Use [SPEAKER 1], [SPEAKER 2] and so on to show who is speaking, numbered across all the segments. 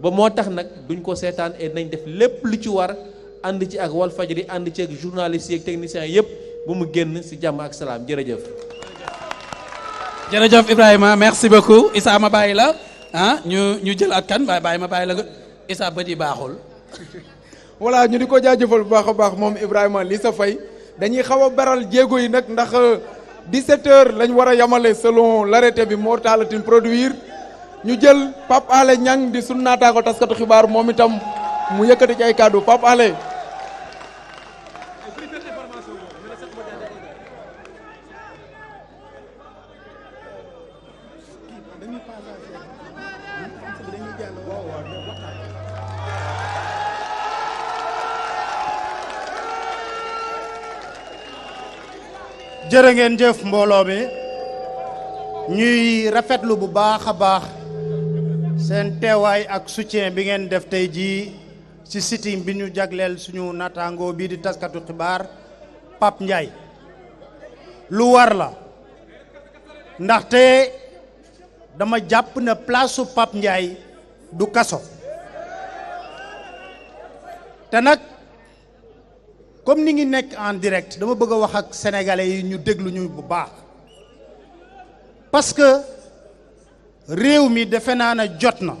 [SPEAKER 1] ba moo tax nag duñ ko seetaan et nañ def lépp lu ci war ànd ci ak Walfadjri ànd ci ak journalistes yi ak techniciens yëpp bu mu génn si jàmm ak salaam jërëjëf. jërëjëf Ibrahima merci beaucoup Issa ma bàyyi la ah ñu ñu jël ak kan waaye bàyyi ma bàyyi la Issa ba yi baaxul. voilà ñu di ko jaajëfal bu baax baax moom Ibrahima li sa fay dañuy xaw a baral jéego yi nag ndax euh, di heures lañ war a yamale selon l'arrêté bi moo taalatin produire. ñu jël Pape Alé Niang di sunu naataango taskatu xibaar moom itam mu yëkkati ci ay kàddu ngeen jëf mbooloo mi ñuy rafetlu bu baax a baax seen teewaay ak soutien bi ngeen def tey jii ci sitim bi ñu jagleel suñu naataangoo bii di taskatu xibaar Pape njaay lu war la ndaxte dama jàpp na place su njaay du kaso te nag comme ni ngi nekk en direct dama bëgg a wax ak sénégalais yi ñu dégluñu bu baax parce réew mi defe naa ne jot na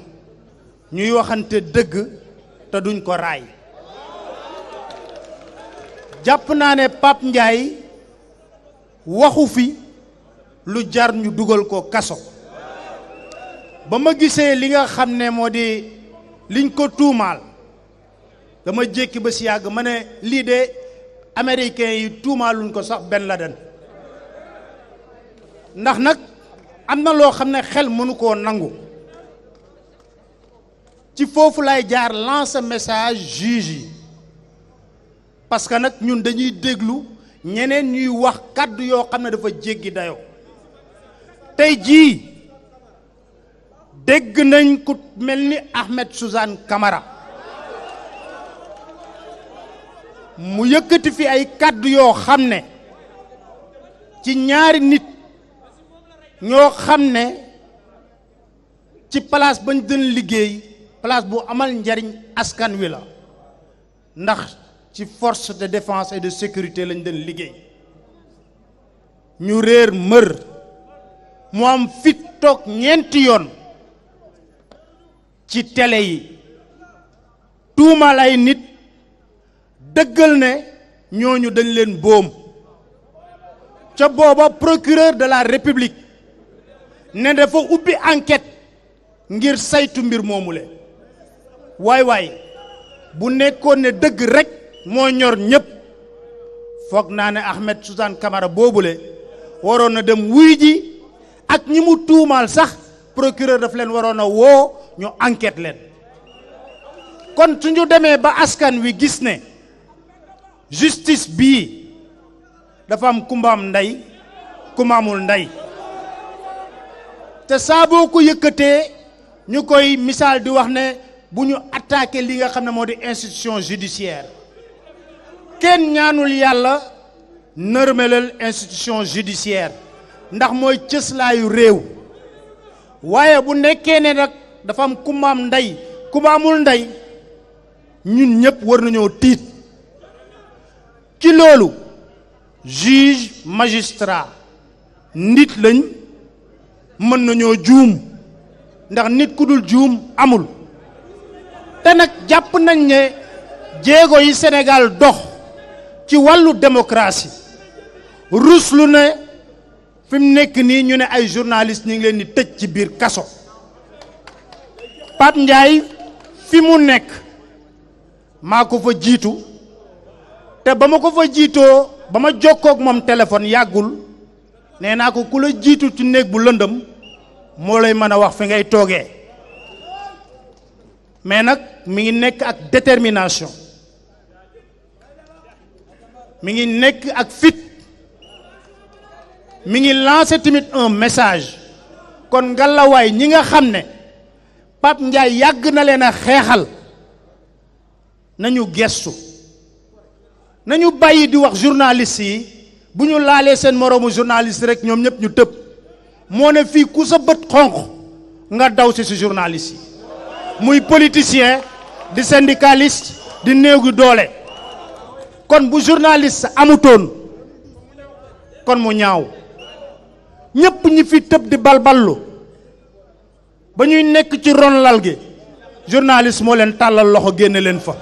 [SPEAKER 1] ñuy waxante dëgg te duñ ko raay jàpp naa ne Pape njaay waxu fi lu jar ñu dugal ko kaso ba ma gisee li nga xam ne moo di liñ ko tuumaal dama jékki ba ci yàgg ma ne lii de américains yi tuumaaluñ ko sax Ben Laden ndax nag am na loo xam ne xel mënu koo nangu ci foofu lay jaar lancer message juge yi parce que nag ñun dañuy déglu ñeneen ñuy wax kàddu yoo xam ne dafa jéggi dayo tey jii dégg nañ ku mel ni Ahmed Suzanne kamara mu yëkkati fi ay kàddu yoo xam ne ci ñaari nit ñoo xam ne ci place bañ dën liggéey place bu amal njariñ askan wi la ndax ci force de défense et de sécurité lañ dën liggéey ñu réer mër mu am fit toog ñeenti yoon ci tele yi tuumaal ay nit dëggal ne ñooñu dañ leen boom ca booba procureur de la république ne dafa ubbi enquette ngir saytu mbir moomule waay waay bu nekkoon ne dëgg rekk moo ñor ñëpp foog naa ne Ahmed Suzanne Camara boobule waroon na dem wuy ji ak ñi mu tuumaal sax procureur daf leen waroon a woo ñu enquête leen kon suñu demee ba askan wi gis ne justice bii dafa am kumbaam ndey kumaamul ndey te saa ko yëkkatee ñu koy misaal di wax ne bu ñu attaqué li nga xam ne moo di institution judiciaire kenn ñaanul yàlla nërmelal institution judiciaire ndax mooy cëslaayu réew waaye bu nekkee ne nag dafa am ku ma am ndey ku ndey ñun ñëpp war nañoo tiit ci loolu juge magistrat nit lañ mën nañoo juum ndax nit ku dul juum amul te nag jàpp nañ ne jéego yi Sénégal dox ci wàllu démocratie ruuslu ne fi mu nekk nii ñu ne ay journaliste ñu ngi leen di tëj ci biir kaso Pape Ndiaye fi mu nekk maa ko fa jiitu te ba ma ko fa jiitoo ba ma jokkook moom téléphone yàggul nee naa ko ku la jiitu ci néeg bu lëndëm moo lay mën a wax fi ngay toogee mais nag mi ngi nekk ak détermination mi ngi nekk ak fit mi ngi lancé tamit un message kon ngalawaay ñi nga xam ne Pape Ndiaye yàgg na leen a xeexal nañu gestu nañu bàyyi di wax journaliste yi bu ñu laalee seen moroomu journaliste rek ñoom ñëpp ñu tëb moo ne fii ku sa bët xonq nga daw si si journaliste yi muy politicien di syndicaliste di néegu doole kon bu journaliste amutoon kon mu ñaaw ñépp ñi fi tëb di balballu ba ñuy nekk ci ron lal gi journaliste moo leen tàllal loxo génne leen fa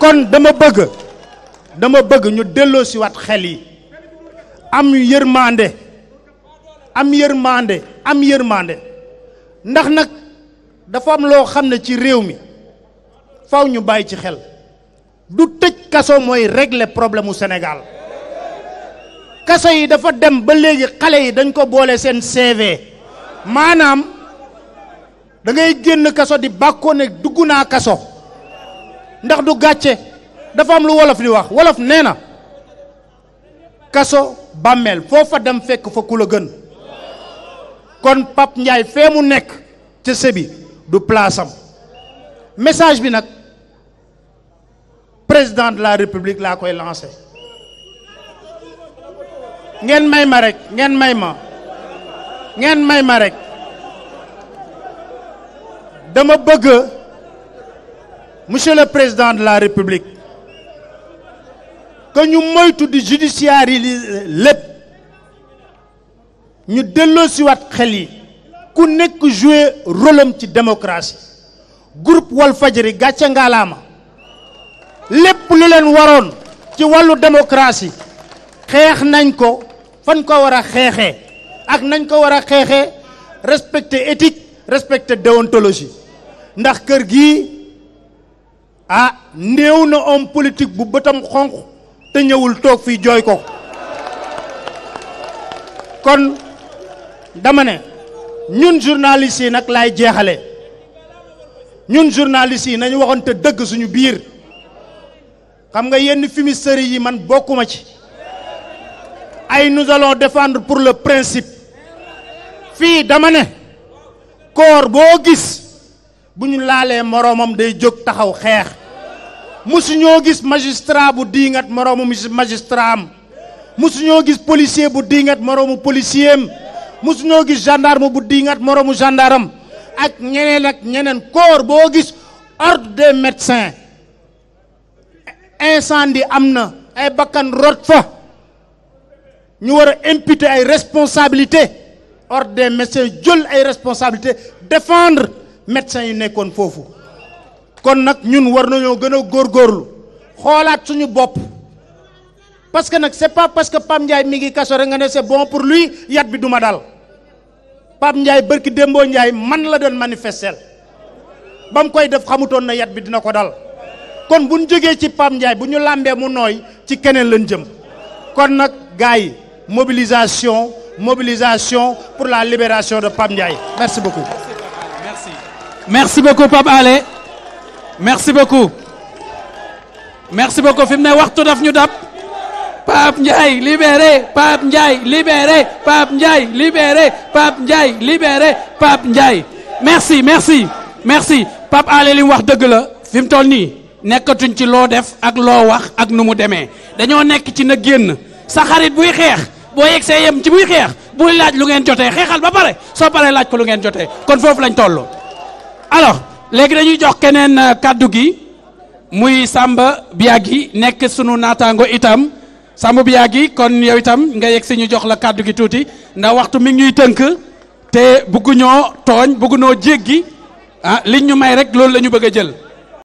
[SPEAKER 1] kon dama bëgg dama bëgg ñu delloo si waat xel yi am yërmande am yërmande am yërmande ndax nag dafa am loo xam ne ci réew mi faw ñu bàyyi ci xel du tëj kaso mooy regle problème mu Sénégal kaso yi dafa dem ba léegi xale yi dañ ko boole seen CV maanaam dangay génn kaso di bàkkoo ne dugg naa kaso ndax du gàcce dafa am lu wolof di wax wolof nee na kaso bàmmeel foofa dem fekk fa ku la gën. kon Pape Ndiaye fee mu nekk ca sebi du place am message bi nag président de la république laa koy lancé ngeen may ma rek ngeen may ma ngeen may ma rek dama bëgg monsieur le président de la république que ñu moytu di judiciariser lépp ñu delloo siwaat xel yi ku nekk joué rôle am ci démocratie groupe Walfadjri gàcce ngaalaama lépp lu leen waroon ci wàllu démocratie xeex nañ ko fan ko war a xeexee ak nañ ko war a xeexee respecter éthique respecter déontologie ndax kër gi ah néew na homme politique bu bëtam xonq te ñëwul toog fii jooy ko kon dama ne ñun journalistes yi nag laay jeexale ñun journalistes yi nañu waxoon te dëgg suñu biir xam nga yenn fumisterie yi man bokkuma ci ay nous allons défendre pour le principe fii dama ne koor boo gis bu ñu laalee moroomam day jóg taxaw xeex musuñoo gis magistrat bu diingat moroomu magistrat am musuñoo gis policier bu diingat moroomu policier mosunoo gis gendarme bu diingat moroomu gendarme ak ñeneen ak ñeneen corps boo gis ordre des médecins incendie am na ay bakkan rot fa ñu war a imputer ay responsabilité ordre de médecins jël ay responsabilité défendre médecins yu nekkoon foofu kon nag ñun war nañoo gën a góorgóorlu xoolaat suñu bopp parce que nag c'est pas parce que Pam Ndiaye mi ngi kaso rek nga ne c'est bon pour lui yat bi duma daal Pape Ndiaye bërki démboo Ndiaye man la doon manifestel ba mu koy def xamutoon na yat bi dina ko dal kon bu ñu jógee ci Pape Ndiaye bu ñu làmbee mu nooy ci keneen lañ jëm kon nag gars yi mobilisation mobilisation pour la libération de Pape Ndiaye merci beaucoup. merci merci beaucoup merci beaucoup. merci ne waxtu daf ñu dab. Pape Ndiaye libéré Pape Ndiaye libéré Pape Ndiaye libéré Pape Ndiaye libéré Pape Ndiaye merci merci merci Pape Alé li wax dëgg la fi mu toll nii nekkatuñ ci loo def ak loo wax ak nu mu demee dañoo nekk ci na génn sa xarit buy xeex boo yegsee yem ci buy xeex buy laaj lu ngeen jotee xeexal ba pare soo paree laaj ko lu ngeen jotee kon foofu lañ toll alors léegi dañuy jox keneen euh, kàddu gi muy Samba Biagi nekk sunu naataango itam sàmm bu yàgg yi kon yow itam nga yegg si ñu jox la kàddu gi tuuti ndax waxtu mi ngi ñuy tënk te bëgguñoo tooñ bëgguñoo jéggi ah liñ ñu may rek loolu la ñu bëgg a jël